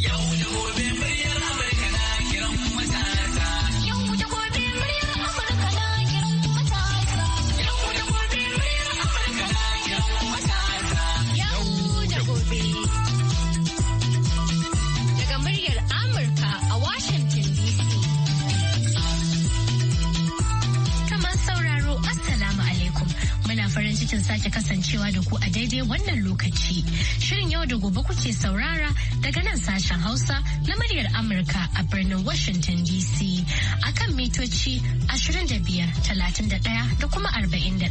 Yo, yo. cikin sake kasancewa da ku a daidai wannan lokaci. Shirin yau da gobe kuke saurara daga nan sashen Hausa na muryar Amurka a birnin Washington DC a kan mitoci 25,31 da kuma 41.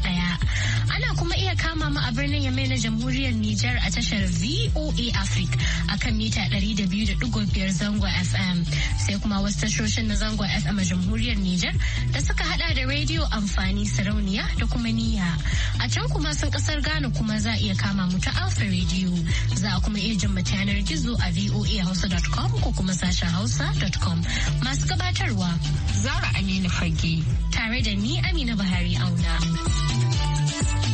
Ana kuma iya kama mu a birnin Yamai na Jamhuriyar Nijar a tashar VOA Africa a kan mita 200.5 zango FM sai kuma wasu tashoshin na zango FM a Jamhuriyar Nijar da suka hada da rediyo amfani sarauniya da kuma niyya. A can kuma sun kasar Ghana kuma za a iya kama mu ta Alpha Radio. Za a kuma iya jin mu yanar gizo a voahausa.com ko kuma sashen hausa.com. Masu gabatarwa Zara Aminu Fage. Tare da ni Amina Buhari Auna.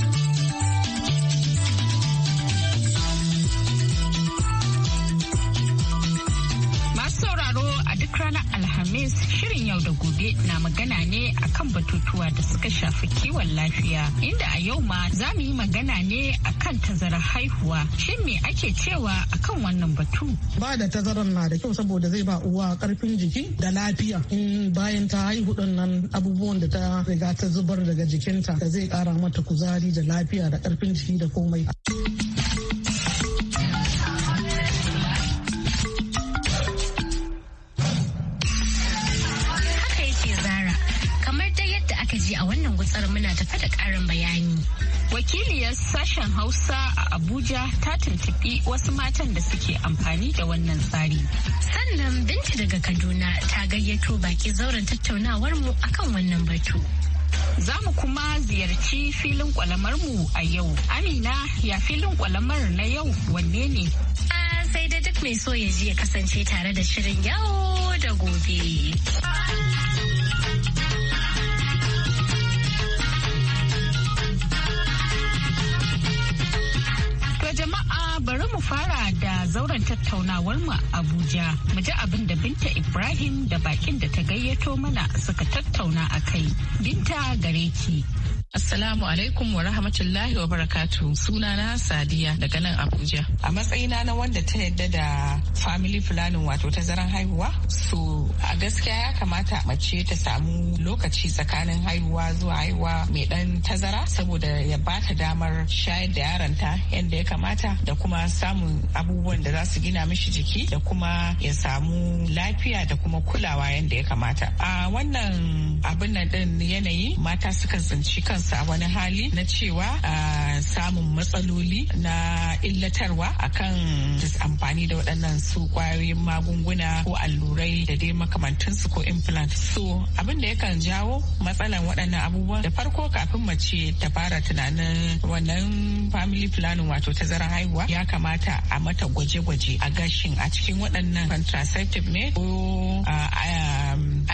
Alhamis shirin yau da gobe na magana ne akan batutuwa da suka shafi kiwon lafiya inda a yau ma za mu yi magana ne akan tazarar haihuwa. Shin me ake cewa akan wannan batu? Ba da tazarar na da kyau saboda zai ba uwa karfin jiki da lafiya in bayan ta haihu din nan abubuwan da ta riga ta zubar daga jikinta da zai kara mata kuzari da lafiya da karfin jiki da komai. yadda aka je a wannan gutsar muna tafa da karin bayani. Wakiliyar sashen Hausa a Abuja ta tuntuɓi wasu matan da suke amfani da wannan tsari. Sannan Binta daga Kaduna ta gayyato baki zauren tattaunawar mu akan wannan batu. Za mu kuma ziyarci filin kwalamar mu a yau. Amina ya filin kwalamar na yau wanne ne? sai da duk mai so ya ji ya kasance tare da shirin yau da gobe. fara da zauren tattaunawar mu Abuja. Mu ji abin da Binta Ibrahim da bakin da ta gayyato mana suka tattauna a kai. Binta gare ki. Assalamu alaikum wa rahmatullahi wa barakatu. Sunana Sadiya daga nan Abuja. A matsayina na wanda ta yadda da family planning wato tazaran haihuwa. So a gaskiya ya kamata mace ta samu lokaci tsakanin haihuwa zuwa haihuwa mai dan tazara saboda ya bata damar shayar da yaranta yadda ya kamata da kuma samun abubuwan da za su gina mishi jiki da kuma ya samu lafiya da kuma kulawa yadda ya kamata. A wannan abin nan din yanayi mata suka tsinci kansu a wani hali na cewa samun matsaloli na illatarwa akan amfani da waɗannan su kwayoyin magunguna ko allurai da dai makamantansu ko implant so abin da yakan jawo matsalan waɗannan abubuwan da farko kafin mace ta fara tunanin wannan family planning wato ta tazarar haihuwa ya kamata a mata gwaje-gwaje a gashin a cikin waɗannan contraceptive ne ko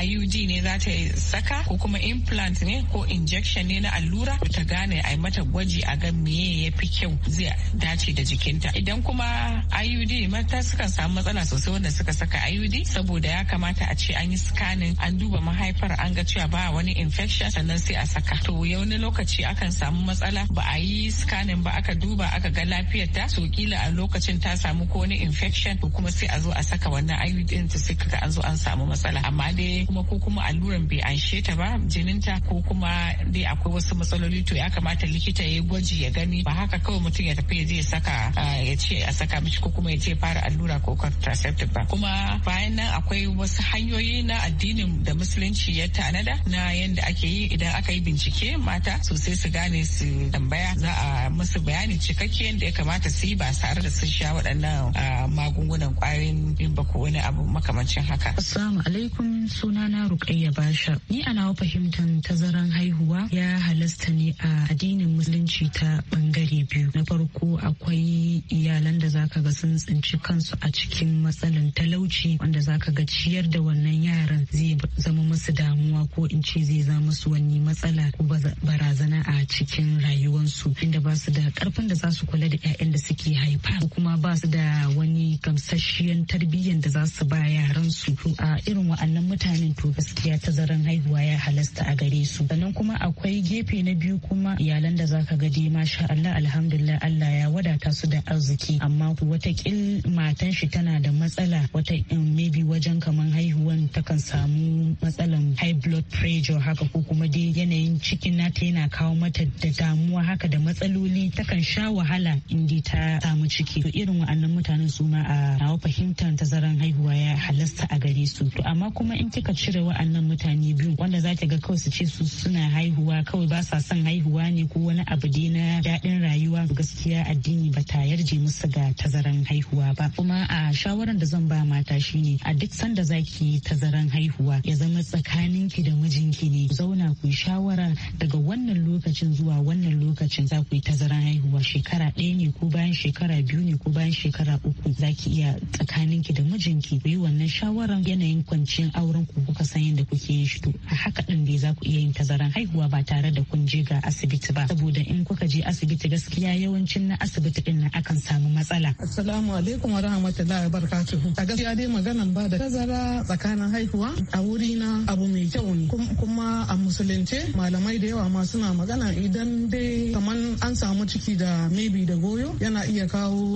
IUD ne za ta saka ko kuma implant ne ko injection ne na allura ta gane a mata gwaji a ga meye ya fi kyau zai dace da jikinta idan kuma IUD mata sukan samu matsala sosai wanda suka saka IUD saboda ya kamata a ce an yi scanning an duba mahaifar an ga cewa ba wani infection sannan sai a saka to wani lokaci akan samu matsala ba a yi scanning ba aka duba aka ga lafiyar ta so kila a lokacin ta samu ko wani infection to kuma sai a zo a saka wannan IUD din ta sai kaga an zo an samu matsala amma dai kuma ko kuma alluran bai anshe ta ba jininta ko kuma dai akwai wasu matsaloli to ya kamata likita ya yi gwaji ya gani ba haka kawai mutum ya tafi ya je saka ya ce a saka mishi ko kuma ya ce fara allura ko contraceptive ba kuma bayan nan akwai wasu hanyoyi na addinin da musulunci ya tanada na yadda ake yi idan aka yi bincike mata sosai su gane su tambaya za a musu bayani cikakke yadda ya kamata su yi ba tare da sun sha waɗannan magungunan ƙwayoyin ba ko wani abu makamancin haka. Assalamu alaikum sunana Rukayya basha Ni ana nawa fahimtar tazaran haihuwa ya halasta ne a addinin musulunci ta bangare biyu na farko akwai iyalan da zaka ga sun tsinci kansu a cikin matsalan talauci wanda zaka ga ciyar da wannan yaran zai zama musu damuwa ko in ce zai zama musu wani matsala ko barazana a cikin rayuwansu inda ba su da karfin da za su kula da 'ya'yan da suke haifa kuma ba su da wani gamsasshiyan tarbiyyan da za su ba yaran su a irin wa'annan mutanen to gaskiya ta tazaran haihuwa ya halasta a gare su sannan kuma akwai gefe na biyu kuma iyalan da zaka ga dai masha Allah alhamdulillah Allah ya wadata su da arziki amma watakil matan shi tana da matsala wata maybe wajen kaman haihuwan kan samu matsalan high blood pressure haka ko kuma dai yanayin cikin nata yana kawo mata da damuwa haka da matsaloli ta kan sha wahala in dai ta samu ciki to irin wa'annan mutanen su ma a nawa fahimtar tazaran haihuwa ya halasta a gare su to amma kuma in kika cire wa'annan mutane biyu wanda zaki ga kawai su ce su suna haihuwa kawai ba sa son haihuwa ne ko wani abu dai na daɗin rayuwa gaskiya addini ba ta yarje musu ga tazaran haihuwa ba kuma a shawaran da zan ba mata shine a duk sanda zaki tazaran haihuwa ya zama tsakaninki da mijinki ne zauna ku shawara daga wannan lokacin zuwa wannan lokacin za ku yi tazaran haihuwa shekara ɗaya ne ko bayan shekara biyu ne ko bayan shekara uku za ki iya tsakaninki da mijinki ku yi wannan shawaran yanayin kwanciyar auren ku kuka san yadda kuke yin shi to a haka ɗin dai za ku iya yin tazaran haihuwa ba tare da da kun je ga asibiti ba saboda in kuka je asibiti gaskiya yawancin na asibiti din nan akan samu matsala assalamu alaikum wa rahmatullahi wa barakatuhu a gaskiya dai maganan ba da tazara tsakanin haihuwa a wuri na abu mai kyau ne kuma a musulunce malamai da yawa ma suna magana idan dai kaman an samu ciki da maybe da goyo yana iya kawo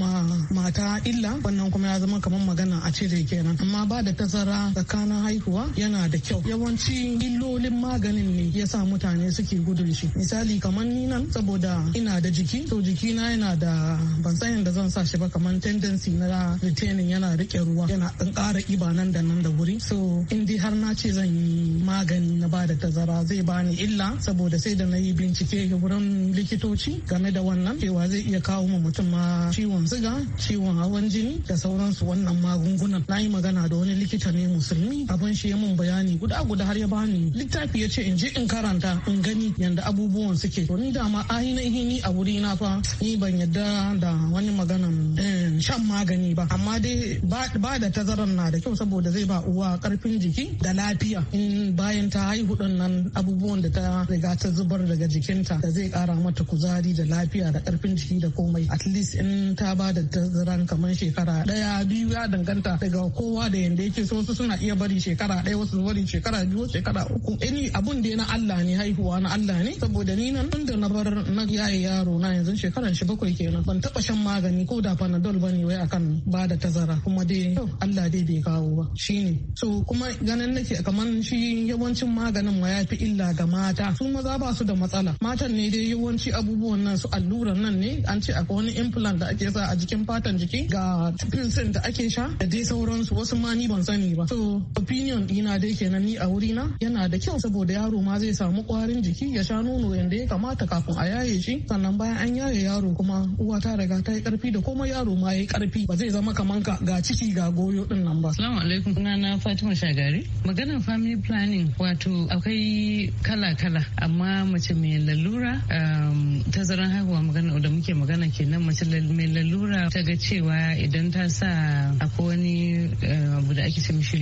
ma mata illa wannan kuma ya zama kaman magana a cire kenan amma ba da tazara tsakanin haihuwa yana da kyau yawanci illolin maganin ne ya sa mutane mutane suke gudu shi misali kamar ni nan saboda ina da jiki to jiki na yana da ban san yadda zan sa shi ba kamar tendency na retaining yana rike ruwa yana dan ƙara kiba nan da nan da wuri so in dai har na ce zan yi magani na ba da tazara zai bani illa saboda sai da na yi bincike ga wurin likitoci game da wannan cewa zai iya kawo ma mutum ma ciwon siga ciwon hawan jini da sauransu wannan magungunan na yi magana da wani likita ne musulmi abin shi ya mun bayani guda guda har ya bani littafi ya ce in je in karanta in gani yadda abubuwan suke to ni dama ainihin ni a wuri na fa ni ban yadda da wani maganan eh, shan magani ba amma dai ba da tazarar na da kyau saboda zai ba uwa karfin jiki da lafiya in bayan ta haihu din nan abubuwan da ta riga ta zubar daga jikinta da zai kara mata kuzari da lafiya da karfin jiki da komai at least in ta ba da tazaran kamar shekara daya biyu ya danganta daga kowa da yanda yake so wasu suna iya bari shekara daya wasu bari shekara biyu shekara uku any abun da na Allah ne haihuwa na Allah ne saboda ni nan da na bar na yaye yaro na yanzu shekaran shi bakwai kenan ban taba shan magani ko da panadol bane wai akan ba da tazara kuma dai Allah dai bai kawo ba shine so kuma ganin nake kamar shi yawancin maganin ma yafi illa ga mata su maza ba su da matsala matan ne dai yawanci abubuwan nan su alluran nan ne an ce akwai wani implant da ake sa a jikin fatan jiki ga pills da ake sha da dai sauransu wasu ma ni ban sani ba so opinion dina dai kenan ni a wurina yana da kyau saboda yaro ma zai samu kwarin jiki ya sha nono yadda ya kamata kafin a yaye shi sannan bayan an yaye yaro kuma uwa ta riga ta yi karfi da komai yaro ma ya yi karfi ba zai zama kaman ka ga ciki ga goyo din nan ba. Salamu alaikum na Fatima Shagari. Maganar family planning wato akwai kala-kala amma mace mai lalura um, tazaran haihuwa magana da muke magana kenan mace mai lalura ta ga cewa idan ta sa akwai wani um, abu da ake ce mishi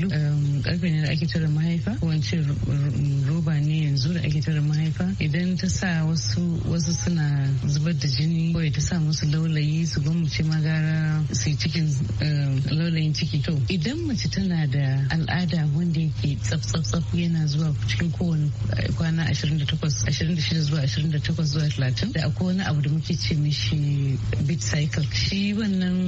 karfe um, ne da ake cire mahaifa ko roba ne yanzu da ake cutar mahaifa idan ta sa wasu wasu suna zubar da jini kawai ta sa musu laulayi su gwamnati magara gara su cikin eh, laulayin ciki to idan mace tana da al'ada wanda yake tsaf yana zuwa cikin kowane eh, kwana 28 26 zuwa 28 zuwa 30 da akwai wani abu da muke ce mishi bit cycle shi wannan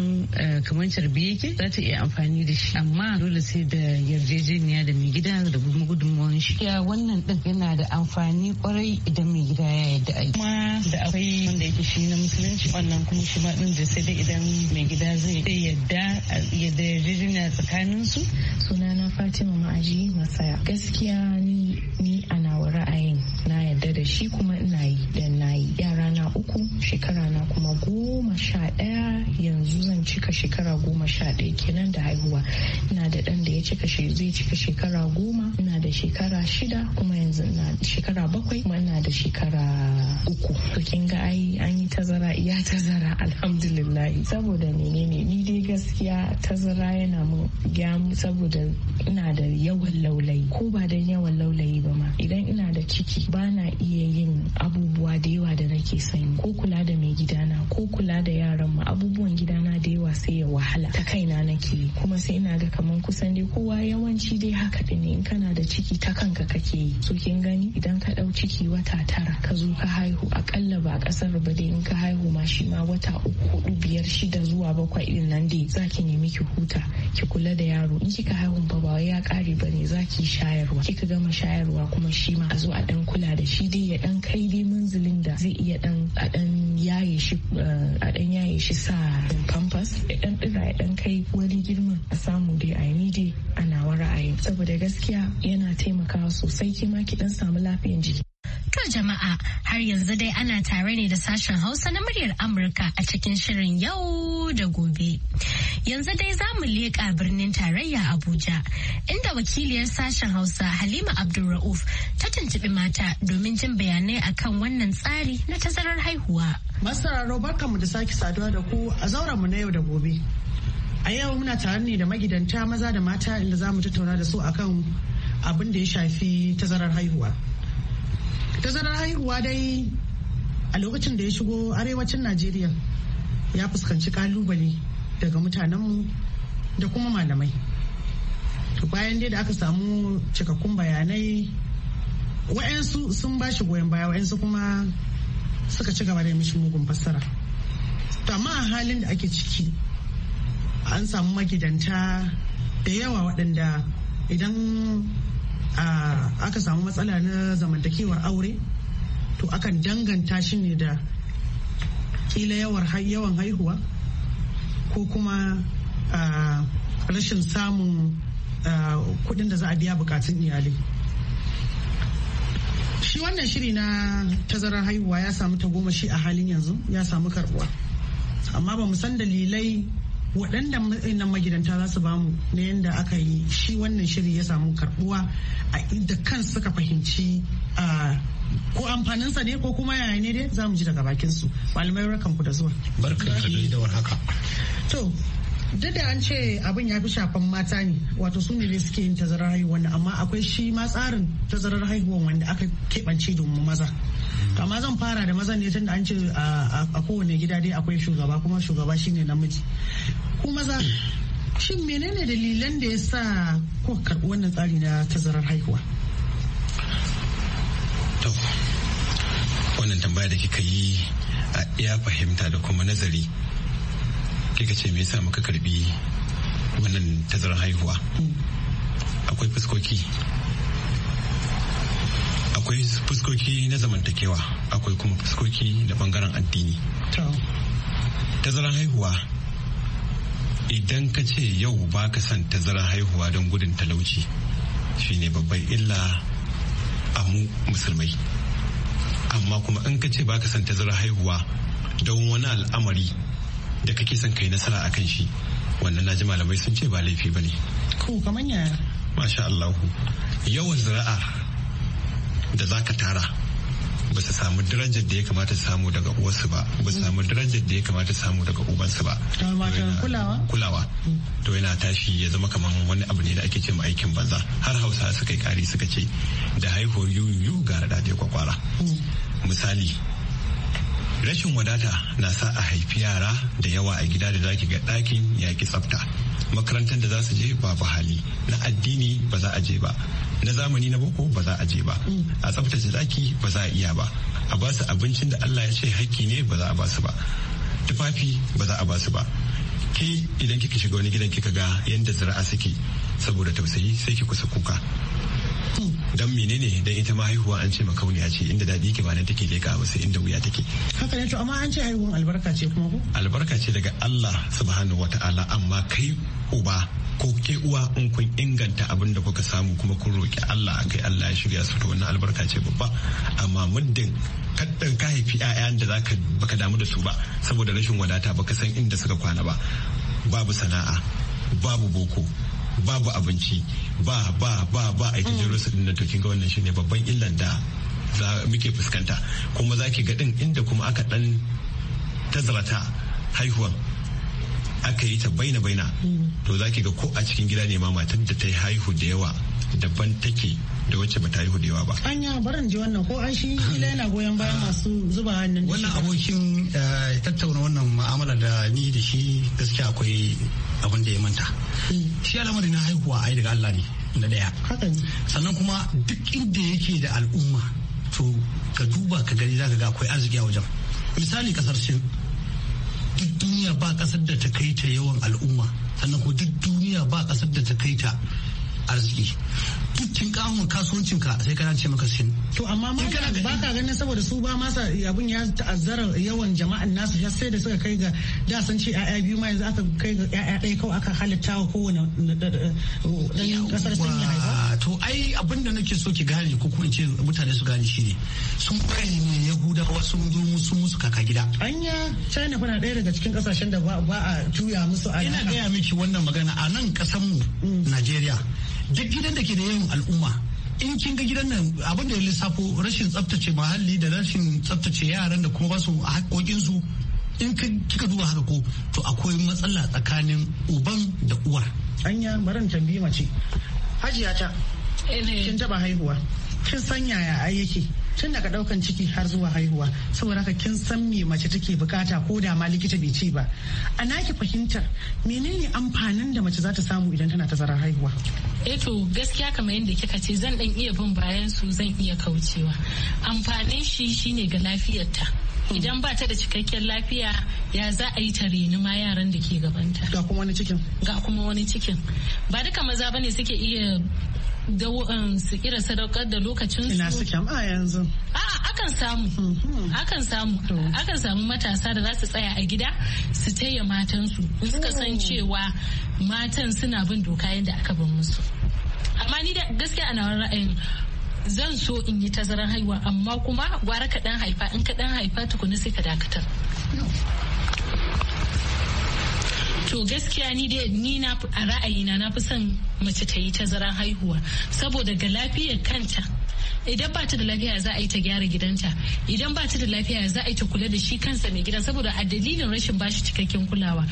eh, kamar carbi yake za ta iya amfani da shi amma dole sai da yarjejeniya da mai gida da gudunmawar shi wannan din yana da amfani amfani kwarai idan mai gida ya yi a kuma da akwai wanda yake shi na musulunci wannan kuma shi ma din da sai idan mai gida zai yadda yadda yarjejeniya tsakanin su sunana fatima ma'aji masaya gaskiya ni ni ana ra'ayin na yadda da shi kuma ina yi da uku shekara na kuma goma sha ɗaya yanzu zan cika shekara goma sha ɗaya kenan da haihuwa ina da ɗan da ya cika zai cika shekara goma ina da shekara shida kuma yanzu ina shekara bakwai kuma ina da shekara uku to kin ga ai an yi tazara iya tazara alhamdulillah saboda menene ni dai gaskiya tazara yana mun gya saboda ina da yawan laulayi ko ba dan yawan laulayi ba ma idan ina da ciki ba na iya yin abubuwa da yawa da nake son ko kula da mai gidana ko kula da yaran mu abubuwan gidana da yawa sai ya wahala ta kaina nake kuma sai ina ga kaman kusan dai kowa yawanci dai haka din ne in kana da ciki ta kanka kake yi so kin gani idan ka dau ciki wata tara ka zo ka haihu akalla ba kasar ba dai in ka haihu ma shi ma wata uku hudu biyar shida zuwa bakwai din nan dai zaki nemi ki huta ki kula da yaro in kika haihu ba ba ya kare ki shayarwa kika gama shayarwa kuma shi ma a zo a dan kula da shi dai ya dan kai dai manzilin da zai iya dan a dan yaye shi eh, a dan yaye shi sa pampers ya dan dira ya dan kai wani girman a samu dai a yi dai ana wa ra'ayi saboda gaskiya yana taimakawa sosai kima ki dan samu lafiyan jiki To jama'a har yanzu dai ana tare ne da sashen Hausa na muryar Amurka a cikin shirin yau da gobe. Yanzu dai za mu leƙa birnin tarayya Abuja inda wakiliyar sashen Hausa Halima Abdulra'uf ta tuntuɓi mata domin jin bayanai akan wannan tsari na tazarar haihuwa. Masararo mu da sake saduwa da ku a zauren mu na yau da gobe. A yau muna tare ne da magidanta maza da mata inda za mu tattauna da su akan abin da ya shafi tazarar haihuwa. tazarar haihuwa dai a lokacin da ya shigo arewacin najeriya ya fuskanci kalubale daga mutanenmu da kuma malamai bayan dai da aka samu cikakkun bayanai wa'yansu sun ba shi goyon baya wa'yansu kuma suka ci gaba da mishi mugun fassara amma a halin da ake ciki an samu magidanta da yawa waɗanda idan aka samu matsala na zamantakewar aure to akan danganta shi ne da kila yawan haihuwa ko kuma rashin samun kudin da za a biya bukatun iyali shi wannan shiri na tazarar haihuwa ya samu tagomashi a halin yanzu ya samu karbuwa amma ba san dalilai waɗanda nan magidanta za su bamu na yadda aka yi shi wannan shiri ya samu karbuwa da kan suka fahimci ko amfaninsa ne ko kuma yaya ne dai za mu ji daga bakin su malamai rakan ku da zuwa barka da warhaka to duk da an ce abin ya fi shafan mata ne wato su ne suke yin tazarar haihuwa amma akwai shi ma tsarin tazarar haihuwa wanda aka keɓance domin maza amma zan fara da maza ne tunda an ce a kowane gida dai akwai shugaba kuma shugaba shine namiji ku maza shin menene dalilan da ya sa kuka karɓi wannan tsari na tazarar haihuwa to wannan tambaya da kika yi ya fahimta da kuma nazari sai ce me yasa muka karbi wannan tazarar haihuwa akwai fuskoki akwai fuskoki na zamantakewa akwai kuma fuskoki na bangaren addini tazarar haihuwa idan ka ce yau ba ka son tazarar haihuwa don gudun talauci shine babban illa a mu musulmai amma kuma in ka ce ba ka son tazarar haihuwa don wani al'amari da kake son kai nasara a kan shi wannan naji malamai sun ce ba laifi ba ne ko kamar masha Allah yawan zira'a da zaka tara ba su samu darajar da ya kamata samu daga uwarsu ba ba su samu darajar da ya kamata samu daga ubansu ba kulawa to yana tashi ya zama kamar wani abu ne da ake ce ma aikin banza har hausa suka yi kari suka ce da haihuwar yuyu gara da kwakwara hmm. misali rashin wadata na sa a haifi yara da yawa a gida da zaki ga ɗakin yaƙi tsafta makarantar da za su je babu hali na addini ba za a je ba na zamani na boko ba za a je ba a tsaftace zaki ba za a iya ba a ba su abincin da Allah ya ce hakki ne ba za a ba su ba tufafi ba za a ba su ba ke idan kika shiga wani gidan kika ga yadda zira'a suke saboda tausayi sai ki kusa ne dan ita ma haihuwa an ce makauniya ce inda daɗi ke ba nan take leka ba sai inda wuya take haka ne to amma an ce haihuwan albarka ce kuma ko albarka ce daga Allah subhanahu wataala amma kai uba ko ke uwa in kun inganta abin da kuka samu kuma kun roki Allah kai Allah ya shirya su to wannan albarka ce babba amma muddin kaddan ka haifi 'ya'yan da zaka baka damu da su ba saboda rashin wadata baka san inda suka kwana ba babu sana'a babu boko babu abinci ba ba ba ba a yi jiro mm. su dinnan to kinga wannan shine babban illan da za muke fuskanta kuma zaki ga din inda kuma aka dan tazarata haihuwan aka yi ta baina baina mm. to zaki ga ko a cikin gida ne ma matan da ta yi haihu da yawa daban take da wacce ba ta yi hudewa ba. Anya barin ji wannan ko an shi ila yana goyon bayan masu zuba hannun. Wannan abokin eh, tattauna wannan ma'amala da ni da shi gaskiya akwai abin da ya manta shi al'amari na haihuwa ai daga Allah ne na daya sannan kuma duk inda yake da al'umma to ka duba ka gani zaka ga akwai arziki a wajen misali kasar sin duk duniya ba kasar da ta kai ta yawan al'umma sannan ko duk duniya ba kasar da ta kai ta arziki dukkin kasuwancin kasuwancinka sai kana ce maka sin to amma ma ba ka ganin saboda su ba masa abun ya ta'azzara yawan jama'an nasu ya sai da suka kai ga da san ce ƴaƴa biyu ma yanzu aka kai ga ƴaƴa ɗaya kawai aka halitta wa kowane dan kasar sun ya haifa to ai abin da nake so ki gane ko kuma ce mutane su gane shi ne sun kai ne yahudawa sun zo musu musu kaka gida anya china fa na ɗaya daga cikin kasashen da ba a tuya musu a ina gaya miki wannan magana a nan kasar mu mm. najeriya duk gidan da ke da yawan al'umma in kin ga gidan nan abin da ya lissafo rashin tsaftace muhalli da rashin tsaftace yaran da kuma basu haƙoƙinsu in kika duba haka ko to akwai matsala tsakanin uban da uwar. Anya maran tambi mace. Hajiya ta. Eh, kin taba haihuwa. Kin san yaya ai yake. tun daga daukan ciki har zuwa haihuwa saboda haka kin san me mace take bukata ko da ma likita bai ce ba a naki fahimtar menene amfanin da mace za ta samu idan tana tazarar haihuwa eh to gaskiya kamar yadda kika ce zan dan iya bin bayan su zan iya kaucewa amfanin shi shine ga lafiyarta hmm. idan ba ta da cikakken lafiya ya za a yi ta reni ma yaran da ke gabanta ga kuma wani cikin ga kuma wani cikin ba duka maza bane suke iya da um, su kira sadaukar da lokacin su ina su a yanzu a akan samu mhm. akan samu akan samu matasa da za su tsaya a gida su taya matan su suka san oh. cewa matan suna bin doka yadda aka bin musu amma ni da gaskiya ana ra'ayin zan so in yi tazaran haihuwa amma kuma gwara ka dan haifa in ka dan haifa tukuna sai ka dakatar to gaskiya ni dai ni na a ra'ayina na fi son mace ta yi tazaran haihuwa saboda ga lafiyar kanta idan ba ta da lafiya za a yi ta gyara gidanta idan ba ta da lafiya za a yi ta kula da shi kansa mai gidan saboda a dalilin rashin bashi cikakken kulawa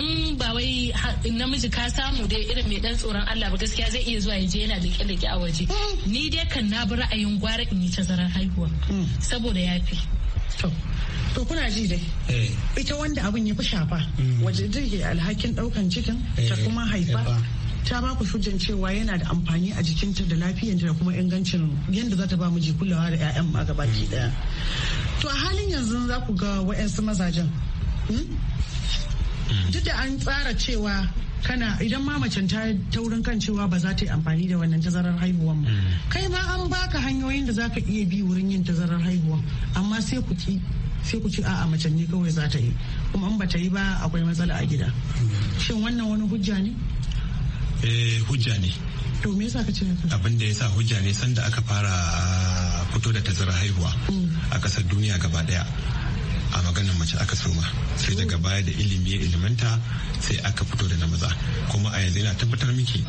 in ba wai namiji ka samu dai irin mai dan tsoron Allah ba gaskiya zai iya zuwa ya je yana leke leke a waje ni dai kan na bi ra'ayin gwara in yi tazarar haihuwa mm. saboda ya fi. to kuna ji dai eh. ita wanda abin ya fi shafa mm. waje jirgin alhakin daukan cikin ta eh, kuma haifa ta ba ku hujjan cewa yana da amfani a jikinta da lafiyanta da kuma ingancin yadda za ta ba ji kulawa da 'ya'yan ma gaba ki daya mm. to a halin yanzu za ku ga wa'yansu mazajen hmm? mm. duk da an tsara cewa kana idan ma macen ta taurin kan cewa ba za ta yi amfani da wannan tazarar haihuwan ba mm. kai ma an baka hanyoyin da za ka iya bi wurin yin tazarar haihuwa amma sai ku ci sai ku ci a'a macen ne kawai za ta yi kuma an ba ta yi ba akwai matsala a gida mm. shin wannan wani hujja ne eh hujja ne to me yasa ka ce abin da yasa hujja ne sanda aka fara fito da tazarar haihuwa mm. a kasar duniya gaba daya a maganar mace aka soma sai daga baya da ilimi ya ilimanta sai aka fito da na maza kuma a yanzu yana tabbatar miki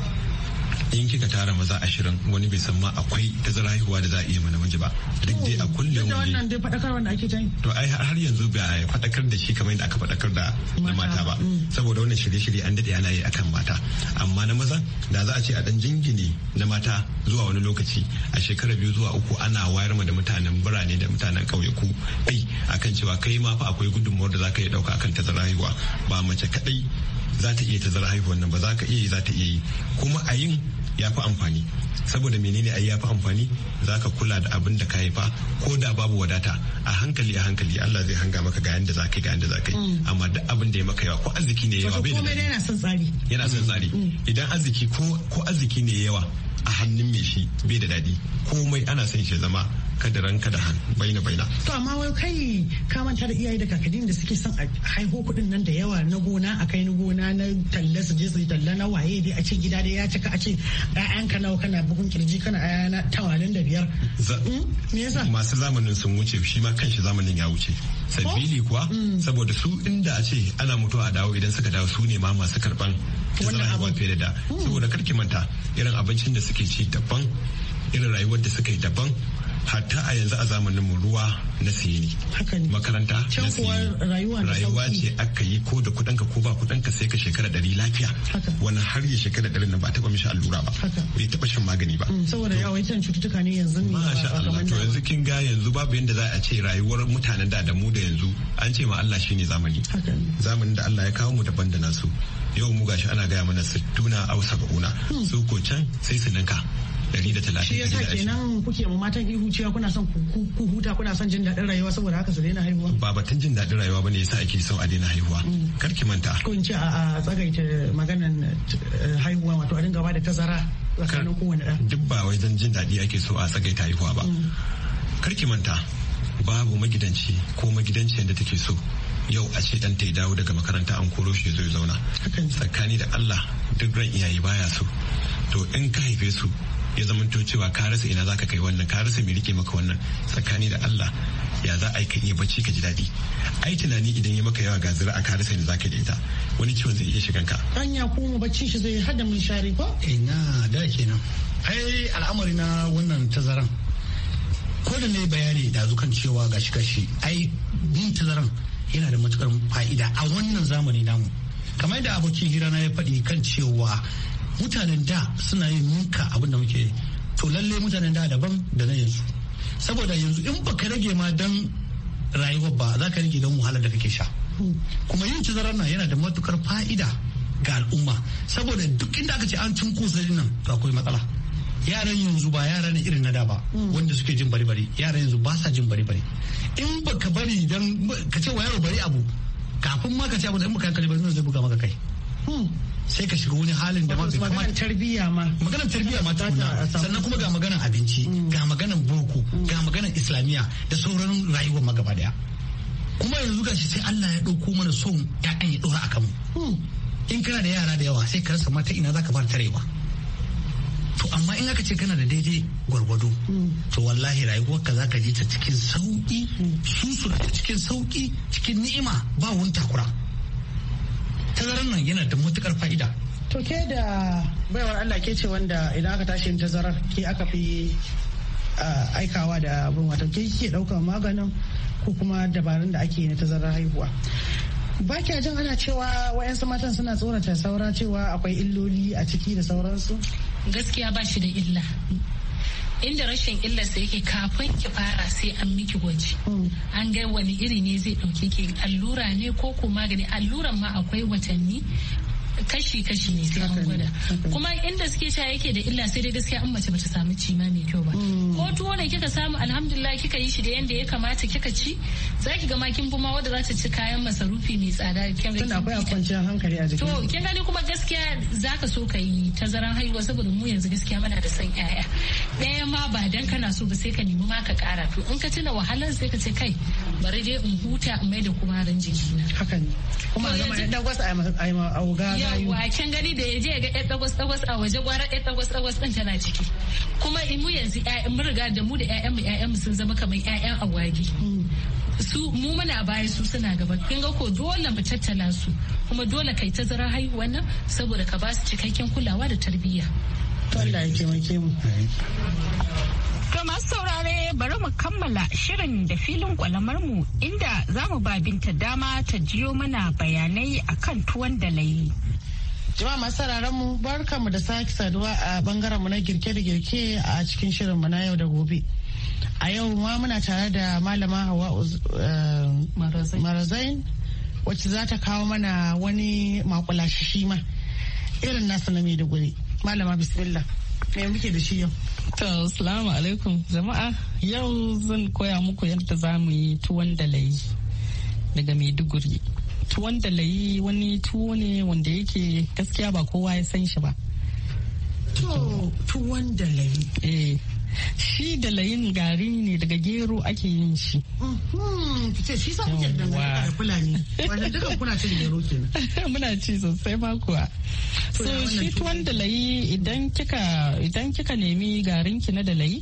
in kika tara maza ashirin wani bai san ma akwai tazara haihuwa da za a iya ma namiji ba duk dai a kullum wani wannan dai fadakar wanda ake ta to ai har yanzu ba a fadakar da shi kamar yadda aka fadakar da na mata ba mm. saboda wannan shirye-shirye an dade ana yi akan mata amma na maza da za a ce a dan jingine na mata zuwa wani lokaci a shekara biyu zuwa uku ana wayar ma da mutanen birane da mutanen ƙauyaku ai akan cewa kai ma fa akwai gudunmuwar da za ka iya ɗauka akan tazara haihuwa ba mace kaɗai za ta iya tazara haihuwan nan ba za ka iya yi za ta iya yi kuma a yin ya fi amfani saboda menene yi ya fi amfani za ka kula da abin da ka haifa ko da babu wadata a hankali a hankali Allah zai hanga maka ga yanda za ka ga yanda za ka yi mm. amma duk abin da ya maka yawa ko arziki ne yawa bai da yana yana son tsari mm. Mm. idan arziki ko arziki ne yawa a hannun mai shi bai da daɗi komai ana son shi zama kada ranka da baina baina to amma wai kai ka manta da iyaye da kakanni da suke son a haihu kuɗin nan da yawa na gona a kai na gona na talla su je su yi talla na waye dai a ce gida dai ya cika a ce ka nawa kana bugun kirji kana ƴaƴana tawalin da biyar hmm? me yasa masu zamanin sun wuce shi ma kanshi zamanin ya wuce sabili kuwa hmm. saboda su inda a ce ana mutuwa a dawo idan suka dawo su ne ma masu karban wannan abin fiye da hmm. saboda karki manta irin abincin da suke ci daban irin rayuwar da suke yi daban hatta a yanzu a zamanin mu ruwa na siye ne makaranta na siye rayuwa ce aka yi ko da kuɗin ka ko ba kuɗin ka sai ka shekara ɗari lafiya wani har ya shekara dari nan ba taba mishi allura ba bai taba shan magani ba mm, saboda yawaitan cututtuka ne yanzu ne masha Allah to yanzu kin ga yanzu babu yanda za a ce rayuwar mutanen da da mu da yanzu an ce ma Allah shine zamani zamanin da Allah ya kawo mu daban da nasu yau mu gashi ana gaya mana sittuna au saba'una hmm. su ko can sai su ninka 130 shi yasa kenan kuke mu matan ihu cewa kuna son ku huta kuna son jin daɗin rayuwa saboda haka su daina haihuwa ba jin daɗin rayuwa bane yasa ake so a daina haihuwa mm. kar ki manta ko in ce a tsagaita maganan eh, haihuwa wato a dinga ba da tazara tsakanin kowane ɗa duk ba wai zan jin daɗi ake so a tsagaita haihuwa ba mm. kar ki manta babu magidanci ko magidanci da take so yau a ce ɗanta ya dawo daga makaranta an koro shi zai zauna tsakani da Allah duk ran iyaye baya so to in ka haife su ya zamanto cewa ka rasa ina zaka kai wannan ka rasa me rike maka wannan tsakani da Allah ya za a yi ka bacci ka ji daɗi ai tunani idan ya maka yawa gazira a ka rasa ina zaka da ita wani ciwon zai iya shigan ka anya ko mu bacci shi zai hada mun share ko ina da kenan ai al'amari na wannan tazaran ko da ne bayani da kan cewa gashi gashi ai bin tazaran yana da matukar fa'ida a wannan zamani namu kamar da abokin hira na ya faɗi kan cewa mutanen da suna yin ninka abin da muke to lalle mutanen da daban da na yanzu saboda yanzu in baka rage ma dan rayuwar ba za ka rage don wahalar da kake sha kuma yin tazarar na yana da matukar fa'ida ga al'umma saboda duk inda aka ce an cin kusurin nan to akwai matsala yaran yanzu ba yara ne irin na da ba hmm. wanda suke jin bari-bari yaran yanzu ba sa jin bari-bari in baka bari dan ka ce wa yaro bari abu kafin ma ka ce abu da in baka kalli bari zai buga maka kai sai ka shiga wani halin da ma tarbiya ma maganar tarbiyya ma ta sannan kuma ga maganar abinci mm. ga maganar boko ga maganar islamiyya da sauran rayuwar ma daya kuma yanzu gashi sai Allah ya ɗauko mana son ya'yan ya dora akan mu mm. in kana da yara da yawa sai ka rasa mata ina zaka fara tarewa to amma in aka ce kana da daidai gwargwado mm. to wallahi rayuwarka za ka ji ta cikin sauki su su cikin sauki cikin ni'ima ba wani takura tazarar nan yana da matukar fa'ida to ke da baiwar Allah ke ce wanda idan aka tashi yin tazarar ke aka fi aikawa da abin wato ke ke ɗaukar maganin ko kuma dabarun da ake na tazarar haihuwa ba kya jin ana cewa wayansu matan suna tsorata saura cewa akwai illoli a ciki da sauransu gaskiya ba shi da illa inda rashin illar sa yake kafin ki fara sai an miki gwaji an ga wani iri ne zai dauke ki allura ne ko ko magani alluran ma akwai watanni kashi-kashi ne sai an gwada kuma inda suke sha yake da illa sai dai gaskiya an mace bata samu cima mai kyau ba mm. ko tuwo ne kika samu alhamdulillah kika yi shi da yanda ya kamata kika ci zaki ga ma kin ma wanda za ta ci kayan masarufi mai tsada kin tana akwai kwanciyar hankali a jikin to kin gani kuma gaskiya zaka so ka yi tazaran haihuwa saboda mu yanzu gaskiya muna da san yaya ɗaya ma ba dan kana so ba sai ka nemi ma ka kara to in ka tuna wahalar sai ka ce kai bari dai in huta in mai da kumarin na. haka ne kuma zama dan wasu a yi ma auga waken gani da ya je ga ɗan dagwas dagwas a waje gwara ɗan dagwas din tana ciki kuma mu yanzu ƴaƴan mu riga da mu da ƴaƴan mu ƴaƴan mu sun zama kamar ƴaƴan awagi su mu muna baya su suna gaba kin ga ko dole mu tattala su kuma dole kai zara haihuwa nan saboda ka ba su cikakken kulawa da tarbiyya Allah ya taimake mu To masu saurare bari mu kammala shirin da filin kwalamar mu inda za mu ba binta dama ta jiyo mana bayanai akan tuwon da layi. Jama'a masu sauraron mu da sake saduwa a bangaren mu na girke da girke a cikin shirin mu na yau da gobe. A yau ma muna tare da malama Hawa eh, Marazain wacce za ta kawo mana wani makulashi shi ma irin nasu na Maiduguri. Malama bismillah. Me muke da shi yau? To, salamu alaikum jama'a. Yau zan koya muku yadda za mu yi tuwon dalayi daga Maiduguri. tuwon da layi wani tuwo ne wanda yake gaskiya ba kowa ya san shi ba to tuwon da layi eh shi da layin gari ne daga gero ake yin shi. Mm-hmm. Shi sa kuke da kula ne, wannan dukan kuna cin gero kenan. Muna ci sosai ma kuwa. So shi tuwon da layi idan kika idan kika nemi garin ki na da layi,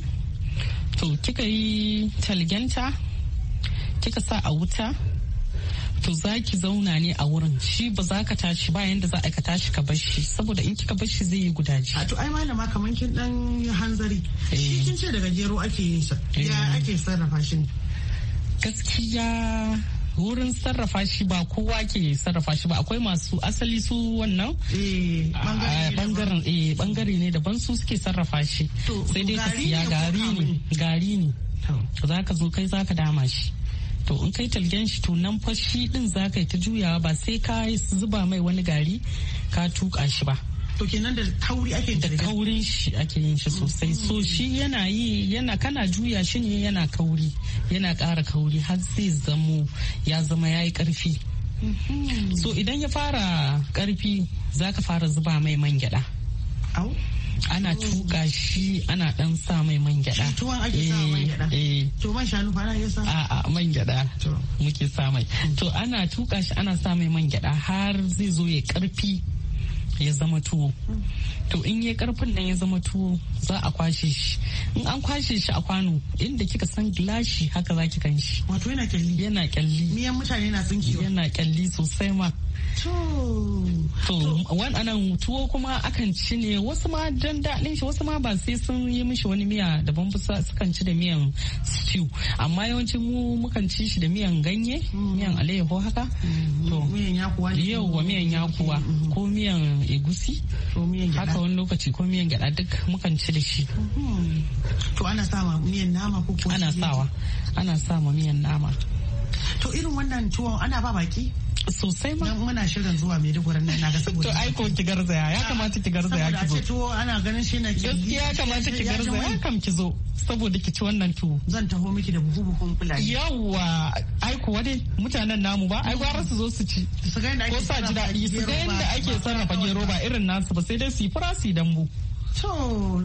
to kika yi talgenta, kika sa a wuta, to za ki zauna ne a wurin shi ba za ka tashi ba yanda za a ka tashi ka bar shi saboda in kika bar shi zai yi guda a to ai malama kamar kin dan hanzari eh. shi kin ce daga gero ake yin sa ya eh. ake sarrafa shi ne. gaskiya wurin sarrafa shi ba kowa ke sarrafa shi ba akwai masu asali su wannan eh, ah, ah, bangaren bangare ne daban su suke sarrafa shi sai dai ka siya gari ne gari ne za ka zo kai za ka dama shi to in kai talgen shi to nan fa shi din za ka yi ta juyawa ba sai ka zuba mai wani gari ka tuka shi ba to kenan da kauri ake da kaurin shi ake yin shi sosai so mm. shi yana yi yana kana juya shi ne yana kauri yana ƙara kauri har sai zamo ya zama yayi karfi mm-hmm. so idan ya fara karfi zaka fara zuba mai man gyaɗa ana tuka shi ana dan sa mai man gyada an ake sa man gyada eh, eh. to man shanu fa ana sa a a man gyada muke sa mai to ana tuka shi ana sa mai man gyada har zai zo ya karfi ya zama tuwo to in ya karfin nan ya zama tuwo za a kwashe shi in an kwashe shi a kwano inda kika san gilashi haka za ki kan shi wato yana kyalli yana kyalli miyan mutane na tsinkewa yana kyalli sosai ma To, wannan tuwo kuma akan ci ne wasu ma don daɗin shi wasu ma ba sai sun yi mishi wani miya daban ba sukan ci da miyan stew. Amma yawancin mu mukan ci shi da miyan ganye, miyan alayyaho haka. Mm-hmm. To, miyan yakuwa. Yauwa miyan yakuwa mm-hmm. ko miyan egusi. miyan Haka wani lokaci ko miyan gyaɗa duk mukan ci da shi. Mm-hmm. To ana sawa miyan nama ko Ana sawa. Ana sawa miyan nama. To irin wannan tuwon ana ba baki? sosai ma muna shirin zuwa Maiduguri nan na ga saboda to ai ko ki garzaya ya kamata ki garzaya ki zo Saboda tuwo ana ganin shi na ki gaskiya kamata ki garzaya kam ki zo saboda ki ci wannan tuwo zan taho miki da buhu buhun kula yawwa ai ko wani mutanen namu ba ai gwara su zo su ci ko sa ji daɗi su ga yadda ake sarrafa gero ba irin nasu ba sai dai su yi fura su yi dambu To,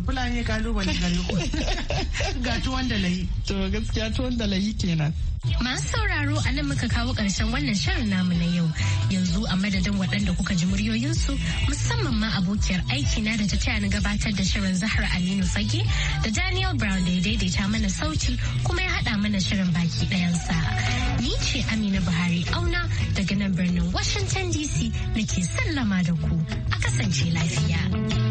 fulani kalubale gari Ga tuwon da layi. To, gaskiya tuwon da layi kenan. Masu sauraro a nan muka kawo ƙarshen wannan shirin namu na yau. Yanzu a madadin waɗanda kuka ji muryoyinsu musamman ma abokiyar aikina da ta taya ni gabatar da shirin Zahra Aminu Fage da Daniel Brown da ya daidaita mana sauti kuma ya haɗa mana shirin baki ɗayansa. Ni ce Amina Buhari auna daga nan birnin Washington DC nake sallama da ku. A kasance lafiya.